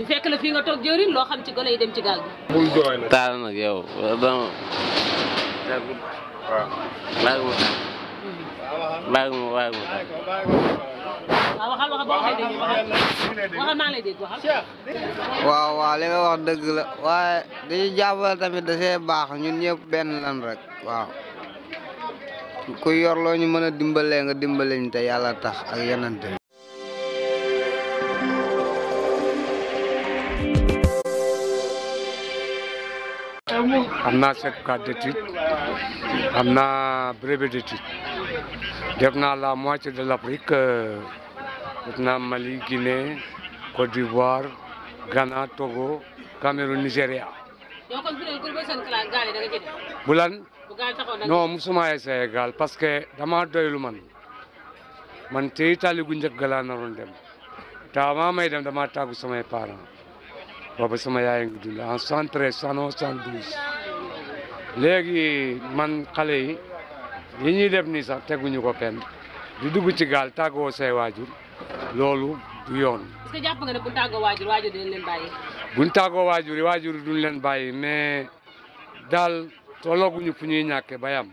ñu fekk la waaw. waaw li nga wax dëgg la waaye dañuy jàppale tamit da see baax ñun ñëpp benn lan rek waaw. ku yorloo ñu mën a dimbalee nga dimbale ñu te yàlla tax ak yeneen am naa certificat d'études am naa brevet d'études def naa la moitié de l'Afrique euh, def naa Mali Guinée Côte d'Ivoire Ghana Togo Cameroun Nigéria. bu lan musuma essayé gaal parce que dama doylu man man tey tali gu njëkk laa naroon dem te avant dem dama tàggu samay parents. boobu sama yaay ngi dund en san treize soixante douze léegi man xale yi yi ñuy def nii sax teguñu ko penn di dugg ci gaal tàggoo say waajur loolu du yoon. est-ce que jàpp nga ne bu tàggoo waajur waajur duñ leen bàyyi. buñ tàggoo waajur yi waajur duñ leen bàyyi mais daal tollooguñu fu ñuy ñàkkee ba yam.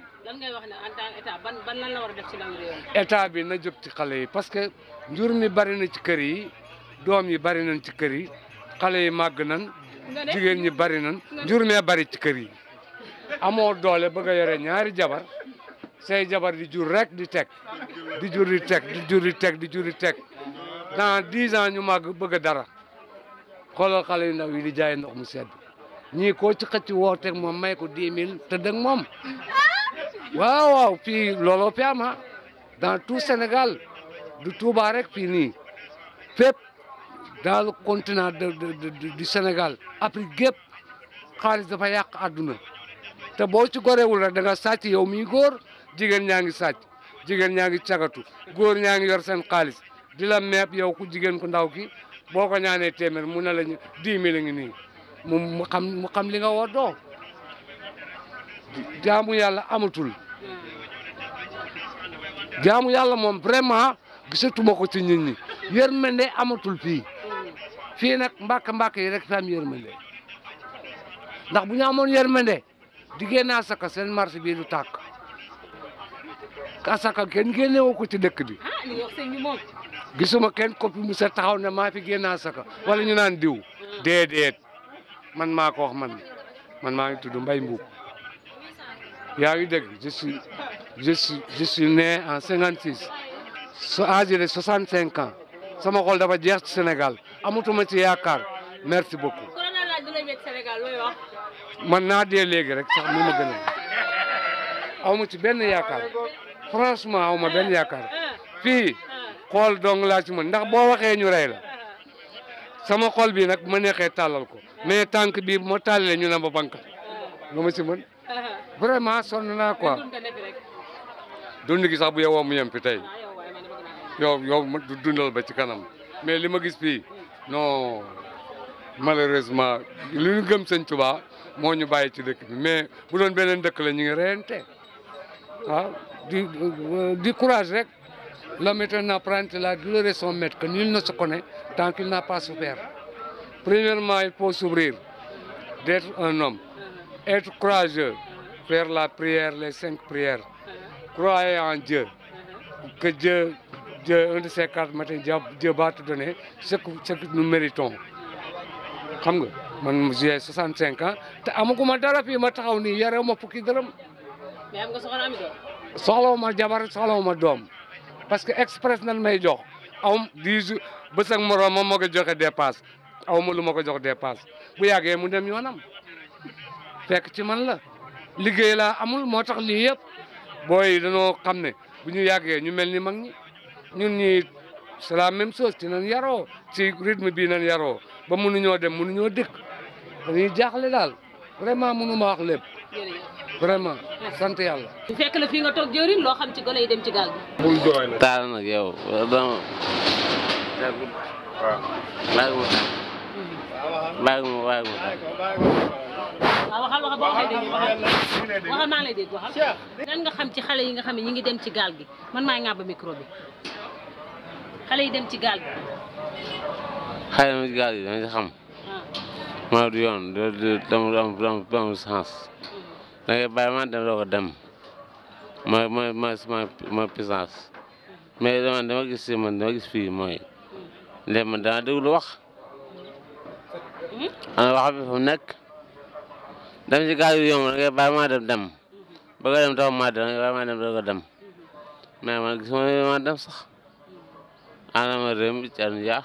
bi na jóg ci xale yi parce que njur mi bari na ci kër yi doom yi bari nañ ci kër yi. xale yi màgg nan jigéen ñi bari nan jur mee bari ci kër yi amoo doole bëgg a yore ñaari jabar say jabar di jur rek di tek di jur di teg di jur di teg di dans dix ans ñu màgg bëgg a dara xoolal xale yu ndaw yi di jaay ndox mu sedd ñii koo ci xëcc woo teg moom may ko dix mille te dëgg moom waaw waaw fii looloo fi ama ah. dans tout Sénégal du Touba rek fii nii fépp dans le continent de du Sénégal Afrique gépp xaalis dafa yàq àdduna te boo ci gorewul rek danga nga sàcc yow miy góor jigéen ñaa ngi sàcc jigéen ñaa ngi cagatu góor ñaa ngi yor seen kaalis di la meeb yow ku jigéen ku ndaw ki boo ko ñaanee téeméer mu na la ñu dix mille ngi nii mu xam li nga woo doo jaamu yàlla amatul jaamu yàlla moom vraiment gisatuma ko ci nit ñi yërmande amatul fii fii nag mbàkk mbàkk yi rek fi am yërmande ndax bu ñu amoon yërmande diggée naa saka seen marché bii du tàkk asaka kenn génne woo ko ci dëkk bi ah, gisuma kenn coppi mu sa taxaw ne maa fi génne asaka wala ñu naan diw déedéet man maa ko wax man man maa ngi tudd mbay Mbuub yaa ngi dégg je suis je suis je suis né en cinquante six so âgé de sama xol dafa jeex ci Sénégal amatuma ci yaakaar merci beaucoup. man naa dee léegi rek sax mu ma gën a aw ma ci benn yaakaar franchement aw ma benn yaakaar ah, ah. fii ah. xool dong laa ci mën ndax boo waxee ñu rey la sama xol bii nag ma neexee tàllal ko mais tànk bii ma tàllalee ñu ne ma bank lu ma ci mën vraiment naa ko dund gi sax bu yowoo mu yem fi yow yow du dundal ba ci kanam mais li ma gis fii non malheureusement li ñu gëm sëñ Tuubaa moo ñu bàyyi ci dëkk bi mais bu doon beneen dëkk la ñu ngi reyante waaw ah, di di courage rek l'homme est un apprenti, la douleur est son maître, que nul ne se connaît tant n'a pas souffert. Premièrement, il faut s'ouvrir, d'être un homme, être courageux, faire la prière, les cinq prières, croire en Dieu, que Dieu Dieu, un de ces quatre matins, Dieu, Dieu va te donner ce que, ce que nous méritons. xam nga man j'ai dara fii ma taxaw nii yore ma fukki dërëm. mais am nga soxla am doom. ma jabar soxlawu ma doom parce que express nan may jox aw di jours bés ak moroom moom moo ko joxe dépasse ma lu ma ko jox dépasse bu yàggee mu dem yoonam fekk ci man la liggéey laa amul moo tax lii yëpp booy yi dañoo xam ne bu ñu yàggee ñu mel ni mag ñi. ñun ñii c'est la ci nañ yaroo ci rythme bii nañ yaroo ba mënuñoo dem mënuñoo dëkk dañuy jaaxle daal vraiment mënuma wax lépp vraiment sant yàlla. bu fekkee ne fii nga toog jëriñ loo xam ci gone yi dem ci gaal gi. waaw waxal waxal boo waxee waxal waxal nga xam ci xale yi nga xam ñi ngi dem ci gaal gi man maay ŋàbb micro bi xale dem ci gaal gi. xale yi dem xam. Ah. maa du yoon du du du mm. dem ma ma ma ma gis si man dama mooy mm. dama déglu wax. Mm. ana wax bi fa mu dem ci gaal yu yomb da ngay maa dem dem ba nga dem taw maa dem da ngay bàyyi maa dem doog a dem mais man gisuma ne maa dem sax anama réew yaa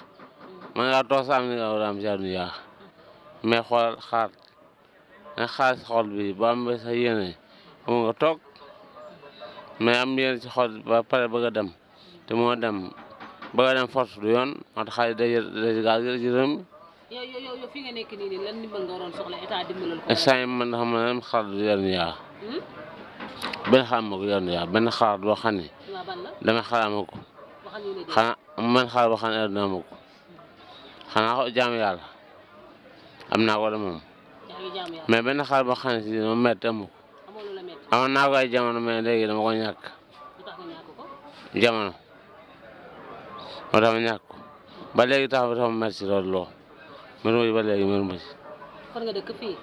man ngaa toog sa am li nga war a yaa mais xoolal xaar nga xaar si xol bi ba am ba sa yéene mu nga toog mais am yéene ci xol ba pare bëgg a dem te moo dem bëgg a dem force du yoon moo tax xaalis day day gaal gi yow yow yow fi nga nekk nii nii lan ndimbal man xaar du yenn yaa. Hmm? benn xaar ma ko yenn yaa benn xaar boo xam ne. dama xaar ma ko. xanaa man xaar boo xam ne dina ma ko. xanaa am naa ko de moom. mais benn xaar boo xam ne si dama métti amu ko. amoon naa mais léegi dama ko ñàkk. jamono moo tax ma ñàkk ko ba léegi tax ba tax ma métti lool lool. meruma ji ba léegi meruma ji. fan nga dëkk fii.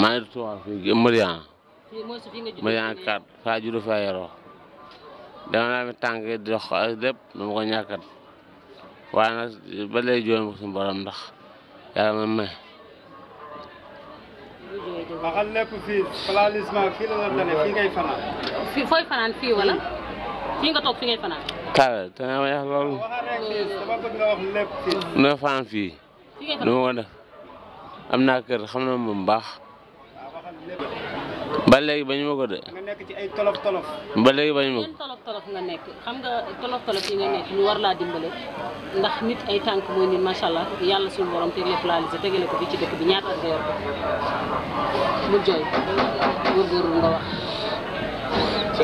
maa ngi Tuubaa fii Marian. fii mooy su fi nga juddoo Marian kat faa juddoo faa yaroo. dama naa fi tànk di dox ak lépp dama ko ñàkkat waaye nag ba léegi jooy ma suñu borom ndax yàlla ma may. waxal lépp fii palalisme fii la la tane fii ngay fanaan. fii fooy fanaan fii wala fii nga toog fii ngay fanaan. Kawe te nga ma yàq loolu. waxal rek fii dama bëgg nga wax lépp fii. na fanaan fii. lu ma ko def am naa kër xam na moom baax ba léegi bañu ma ko de. tolof tolof. ba léegi bañu ma ko. tolof tolof nga nekk xam nga tolof tolof yi nga nekk ñu war laa dimbale ndax nit ay tànk mooy nit macha allah yàlla suñu borom teg la planisé tegale ko bi ci dëkk bi ñaata ak mu jooy góorgóorlu nga wax.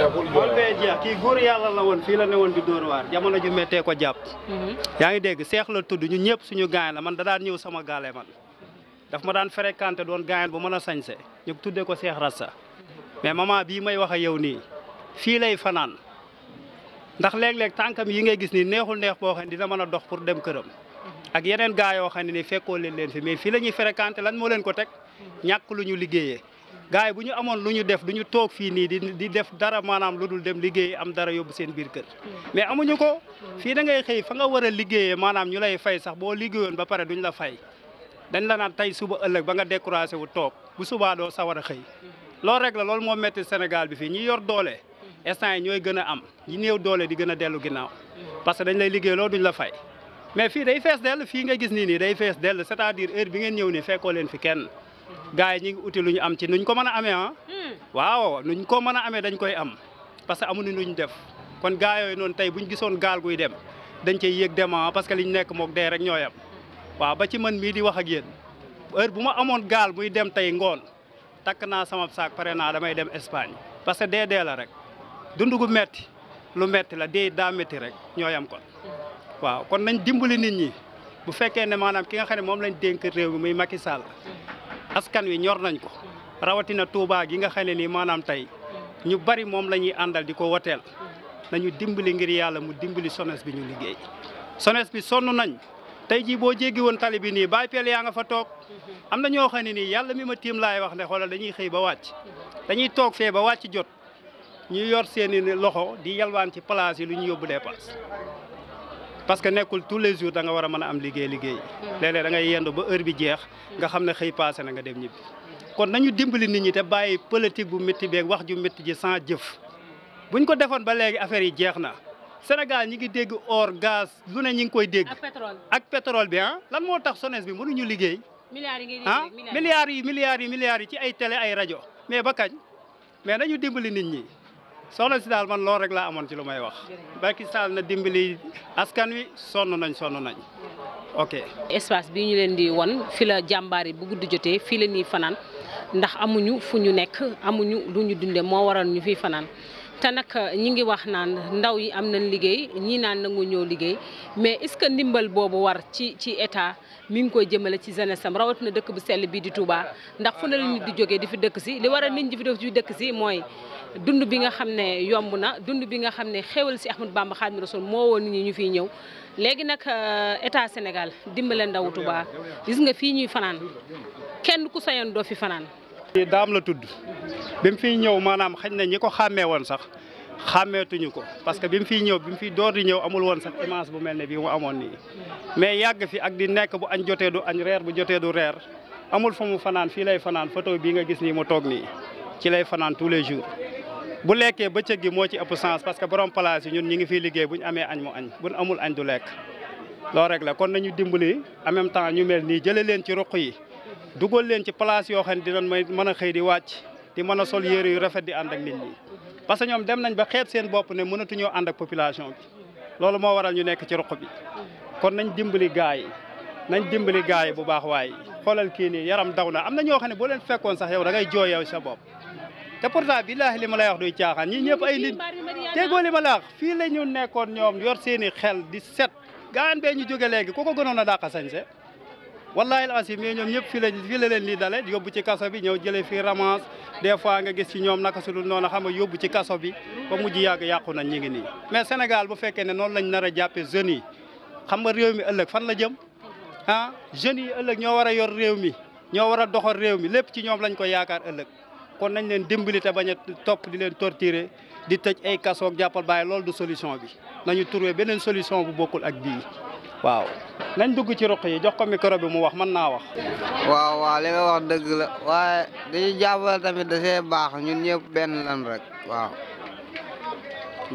mool kii góor yàlla la woon fii la ne woon di dóor waar jamono ju mettee ko jàpp mhm. yaa ngi dégg seex la tudd ñu ñëpp suñu gaañ la man da daan ñëw sama gaale man daf ma daan fréquenté doon gaañ bu mën a sañse ñu tuddee ko seex rasta mais ma maman bii may wax a yow nii fii lay fanaan ndax léeg-léeg tànkam yi ngay gis nii neexul neex boo xam ne dina mën a dox pour dem këram mhm. ak yeneen gaa yoo xam ne nii fekkoo leen leen fi mais fii la ñuy fréquenté lan moo leen ko teg mhm. ñàkk lu ñu liggéeyee gars yi bu ñu amoon lu ñu def du ñu toog fii nii di di def dara maanaam lu dul dem liggéey am dara yóbbu seen biir kër mais amuñu ko fii da ngay xëy fa nga war a liggéeyee maanaam ñu lay fay sax boo liggéeyoon ba pare duñu la fay dañu la naan tey suba ëllëg ba nga découragé wu toog bu subaa doo sawar a xëy loolu rek la loolu moo métti Sénégal bi fii ñi yor doole instant ñooy gën a am ñi néew doole di gën a dellu ginnaaw parce que dañ lay liggéey loolu duñ la fa mais fii day gis nii nii day fees dell c'est-à-dire heure bi ngeen ñëw nii fekkoo leen fi kenn gars yi ñu ngi uti lu ñu am ci nuñ ko mën a amee ah. Hmm. waaw nuñ ko mën a amee dañ koy am parce que amuñu ñu def kon gars yooyu noonu tey buñ gisoon gaal guy dem dañ cey yéeg dem ah parce que liñ nekk mook dee rek ñooy am waaw ba ci man mii di wax ak yéen heure bu ma amoon gaal muy dem tey ngoon takk naa sama saak pare naa damay dem Espagne parce que dee dee la rek dund gu metti lu metti la dee daa metti rek ñooy am kon. waaw kon nañ dimbali nit ñi bu fekkee ne maanaam ki nga xam ne moom lañ dénk réew mi muy Macky askan wi ñor nañ ko rawatina Touba yi nga xam ne nii maanaam tey ñu bari moom la ñuy àndal di ko woteel nañu dimbali ngir yàlla mu dimbali sones bi ñu liggéey sones bi sonn nañ tey jii boo jéggi woon tali bi nii bàyyi peel yaa nga fa toog am na ñoo xam ne nii yàlla mi ma tiim laay wax ne xoolal dañuy xëy ba wàcc dañuy toog fee ba wàcc jot ñu yor seeni loxo di yalwaan ci place lu ñu yóbbu dépense parce que nekkul tous les jours danga nga war a am liggéey liggéey hmm. léeg danga da ba heure bi jeex nga xam ne xëy passé na nga dem ñibbi kon nañu dimbali nit ñi te bàyyi politique bu métti beeg wax ju métti ji sans jëf buñ ko defoon ba léegi affaire yi jeex na Sénégal ñi ngi dégg or gaz lu ne ñi ngi koy dégg ak pétrole bi ah lan moo tax SONES bi mënuñu liggéey ah milliards yi milliards yi milliards yi ci ay tele ay rajo mais ba kañ mais nañu dimbali nit ñi soxna si daal man loolu rek laa amoon ci lu may wax. barki saal na dimbali askan wi sonn nañ sonn nañ. ok espace bi ñu leen di won fi la jàmbaar yi bu gudd jotee fii la nii fanaan ndax amuñu fu ñu nekk amuñu lu ñu dundee moo waral ñu fiy fanaan. te nag ñi ngi wax naan ndaw yi am nañ liggéey ñii naan nangu ñëw liggéey mais est-ce que ndimbal boobu war ci ci état mi ngi koy jëmale ci jeunesse am rawatina dëkk bu sell bii di tubaa ndax fu ne la nit di jógee di fi dëkk si li waral nit ñi fi def ci dëkk si mooy dund bi nga xam ne yomb na dund bi nga xam ne xéewal si Ahmadou Bamba Xaadimu Rasuul moo woon nit ñi ñu fiy ñëw léegi nag euh, état Sénégal dimbale ndaw Touba gis nga fii ñuy fanaan kenn ku sañoon doo fi fanaan. daam la tudd bi mu fiy ñëw maanaam xañ na ñi ko xàmmee woon sax xàmmeetuñu ko parce que bi mu fiy ñëw bi mu fiy door di ñëw amul woon sax image bu mel ne bii mu amoon nii mais yàgg fi ak di nekk bu añ jotee du añ reer bu jotee du reer amul fa mu fanaan fii lay fanaan photo bii nga gis nii mu toog nii ci lay fanaan les jours. bu lekkee bëccëg gi moo ci ëpp sance parce que borom place yi ñun ñi ngi fiy liggéey bu ñu amee añ mu añ bu amul añ du lekk loolu rek la kon nañu dimbali en même temps ñu mel nii jëlee leen ci ruq yi dugal leen ci place yoo xam ne dinañ may mën a xëy di wàcc di mën a sol yére yu rafet di ànd ak nit ñi. parce que ñoom dem nañ ba xeeb seen bopp ne mënatuñoo ànd ak population bi loolu moo waral ñu nekk ci ruq bi kon nañ dimbali gaa yi nañ dimbali gaa yi bu baax waay xoolal kii nii yaram daw na am na ñoo xam ne boo leen fekkoon sax yow da ngay jooy sa bopp. te pourtant billaahi li ma lay wax duy caaxaan ñi ñëpp ay nit déggoo li ma la wax fii la ñu nekkoon ñoom yor seen i xel di set gaan bee ñu jóge léegi ku ko gënoon a dàqa sañse wallahi al asim mais ñoom ñëpp fii lañ fii la leen lii dale yóbbu ci kaso bi ñëw jëlee fii ramance des fois nga gis ci ñoom naka su dul noonu xam nga yóbbu ci kaso bi ba mujj yàgg yàqu nañ ñu ngi nii mais Sénégal bu fekkee ne noon lañ nar a jàppee jeunes yi xam nga réew mi ëllëg fan la jëm ah jeunes yi ëllëg ñoo war a yor réew mi ñoo war a doxal réew mi lépp ci ñoom lañ ko yaakaar ëllëg kon nañ leen dimbali te bañ a topp di leen torturer di tëj ay kasoog jàppal bàyyi loolu du solution bi nañu trouver beneen solution bu bokkul ak bii waaw nañ dugg ci roq yi jox ko micro bi mu wax man naa wax. waaw waaw li nga wax dëgg la waaye dañuy jàppale tamit da see baax ñun ñëpp benn lan rek waaw.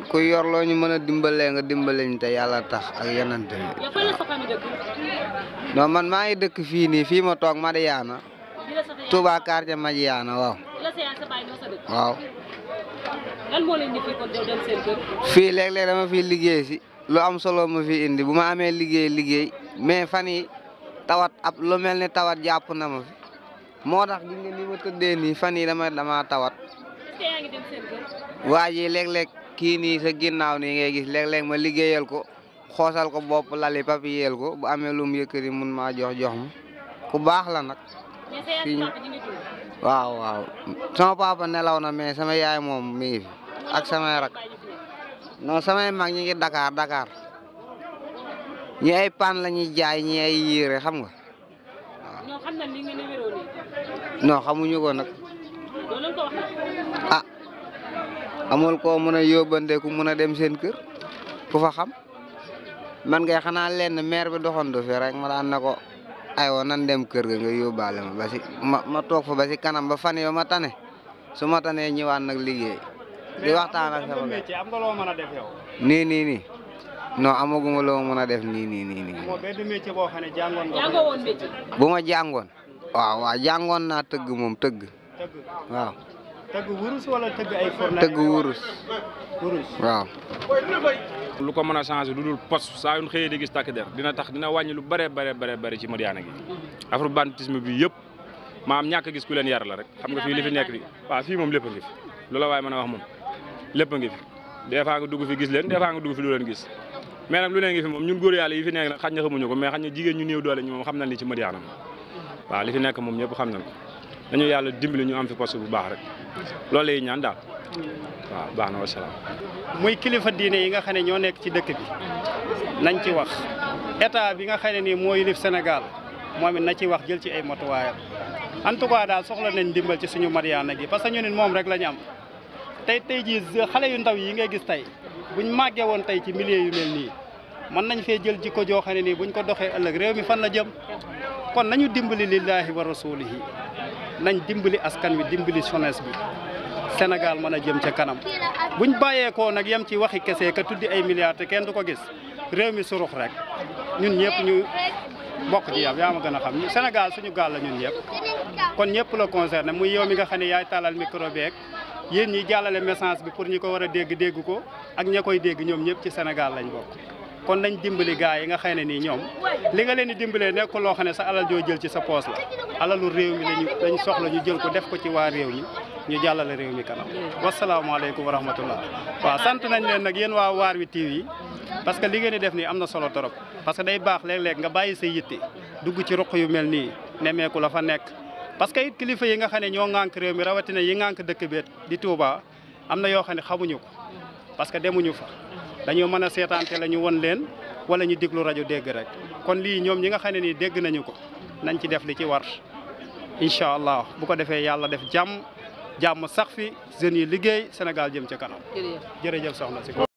ku yor loo ñu mën a dimbalee nga dimbale ñu te yàlla tax ak yeneen tamit. non man maa ngi dëkk fii nii fii ma toog Madiana. Touba quartier Madiana waaw. waaw. lan moo fii kon dem seen fii fi liggéey si lu am solo ma fi indi bu ma amee liggéey liggéey mais fan yi tawat ab lu mel ni tawat jàpp na ma fi moo tax gis nga nii fan yi dama dama tawat. waa ji léeg kii nii sa ginnaaw nii ngay gis léeg-léeg ma liggéeyal ko xoosal ko bopp lali papiyeel ko bu amee lu mu yëkkati mun maa jox jox ma ku baax la nag. waaw waaw sama papa nelaw na mais sama yaay moom mii ngi fi ak samay rak non samay mag ñi ngi dakaar Dakar ñi ay paan la ñuy jaay ñi ay yére xam nga waaw. non xamuñu ko nag ah amul ko mën a yóbbante ku mën a dem seen kër ku fa xam man ngay xanaa lenn meer bi doxandu fi rek ma daan na ko. aywa nan dem kër ga nga yóbbaale ma ba ma toog fa ba kanam ba fan yoo ma tane su ma tanee ñëwaat nag liggéey di waxtaan a def yow. nii nii nii non amaguma loo mën a def nii nii nii nii. bu ma jàngoon. waaw waaw jàngoon naa tëgg moom tëgg. tëgg waaw. tëgg wurus wala tëgg ay. tëgg wurus waaw. lu ko mën a changé lu dul saa yu xëyee di gis takk der dina tax dina wàññi lu bëree bare bare bëri ci Madiyana gi afrobanditisme bi yëpp maam ñàkk gis ku leen yar la rek xam nga fii li fi nekk bi waa fii moom lépp a ngi fi loola waaye mën a wax moom lépp a ngi fi des fois nga dugg fi gis leen des fois nga dugg fi du leen gis mais lu ne ngi fi moom ñun góor yàlla yi fi nekk nag xaj na xamuñu ko mais xaj na jigéen ñu néew doole ñu moom xam nañ li ci Madiyana li fi nekk moom ñëpp xam nañ dañu yàlla dimbali ñu am fi poste bu baax rek loolu yi ñaan daal waaw baax na wasalaam muy kilifa diine yi nga xam ne ñoo nekk ci dëkk bi nañ ci wax état bi nga xam ne nii moo yilif Sénégal moom it na ci wax jël ci ay motuwaayam en tout cas daal soxla nañ dimbal ci suñu Madiyana gi parce que ñu nit moom rek la am tey tey jii xale yu ndaw yi nga gis tey buñ màggee woon tey ci milieu yu mel nii mën nañ fee jël jikko joo xam ne nii buñ ko doxee ëllëg réew mi fan la jëm kon nañu dimbali lillahi wa rasulihi nañ dimbali askan wi dimbali jeunesse bi Sénégal mën a jëm ca kanam bu ñu bàyyeekoo nag yem ci waxi kese ka tuddi ay milliards te kenn du ko gis réew mi surux rek ñun ñëpp ñu bokk ci yam yaa ma gën a xam Sénégal suñu gaal la ñun kon ñëpp la concerné muy yow mi nga xam ne yaay tàllal micro beeg yéen ñi jàllale message bi pour ñi ko war a dégg dégg ko ak ña koy dégg ñoom ñëpp ci Sénégal lañ bokk kon dañ dimbali gars yi nga xam ne nii ñoom li nga leen di dimbalee nekk loo xam ne sa alal joo jël ci sa poos alalu réew mi lañu lañ soxla ñu jël ko def ko ci waa réew mi ñu jàllale réew mi kanam wa wasalaamaaleykum wa rahmatullah waaw sant nañ leen nag yéen waa waar wi yi parce que li ngeen def nii am na solo trop parce que day baax léeg-léeg nga bàyyi sa yitte dugg ci ruq yu mel nii nemeeku la fa nekk parce que kilifa yi nga xam ne ñoo ŋànk réew mi rawatina yi ŋànk dëkk bi di Touba am na yoo xam ne xamuñu ko parce que demuñu fa dañoo mën a seetaante la ñu won leen wala ñu diglu rajo dégg rek kon lii ñoom ñi nga xam ne nii dégg nañu ko nañ ci def li ci war incha allah bu ko defee yàlla def jàmm jàmm sax fi jeunes yi liggéey Sénégal jëm ca kanam. jërëjëf soxna si.